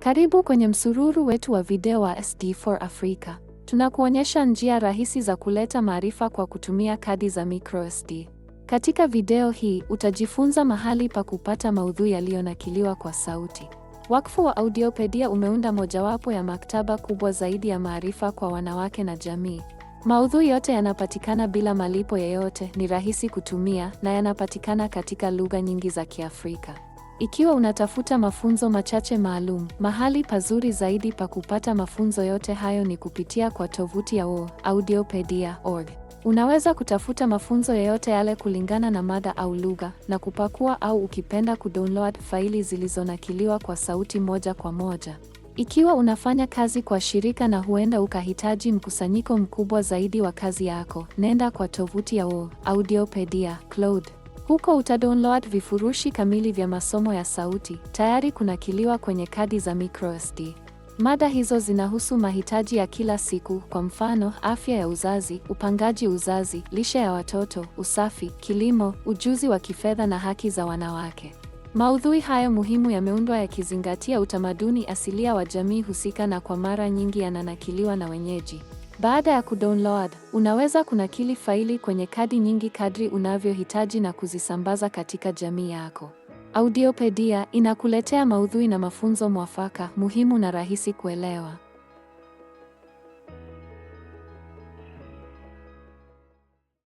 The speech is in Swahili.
Karibu kwenye msururu wetu wa video wa SD4 Africa. Tunakuonyesha njia rahisi za kuleta maarifa kwa kutumia kadi za microSD. Katika video hii utajifunza mahali pa kupata maudhui yaliyonakiliwa kwa sauti. Wakfu wa Audiopedia umeunda mojawapo ya maktaba kubwa zaidi ya maarifa kwa wanawake na jamii. Maudhui yote yanapatikana bila malipo yeyote, ni rahisi kutumia na yanapatikana katika lugha nyingi za Kiafrika. Ikiwa unatafuta mafunzo machache maalum, mahali pazuri zaidi pa kupata mafunzo yote hayo ni kupitia kwa tovuti ya woaudiopedia.org. Unaweza kutafuta mafunzo yoyote yale kulingana na mada au lugha, na kupakua au ukipenda kudownload faili zilizonakiliwa kwa sauti moja kwa moja. Ikiwa unafanya kazi kwa shirika na huenda ukahitaji mkusanyiko mkubwa zaidi wa kazi yako, nenda kwa tovuti ya woaudiopedia.cloud. Huko utadownload vifurushi kamili vya masomo ya sauti tayari kunakiliwa kwenye kadi za microSD. Mada hizo zinahusu mahitaji ya kila siku, kwa mfano afya ya uzazi, upangaji uzazi, lishe ya watoto, usafi, kilimo, ujuzi wa kifedha na haki za wanawake. Maudhui hayo muhimu yameundwa yakizingatia utamaduni asilia wa jamii husika na kwa mara nyingi yananakiliwa na wenyeji. Baada ya kudownload, unaweza kunakili faili kwenye kadi nyingi kadri unavyohitaji na kuzisambaza katika jamii yako. Audiopedia inakuletea maudhui na mafunzo mwafaka, muhimu na rahisi kuelewa.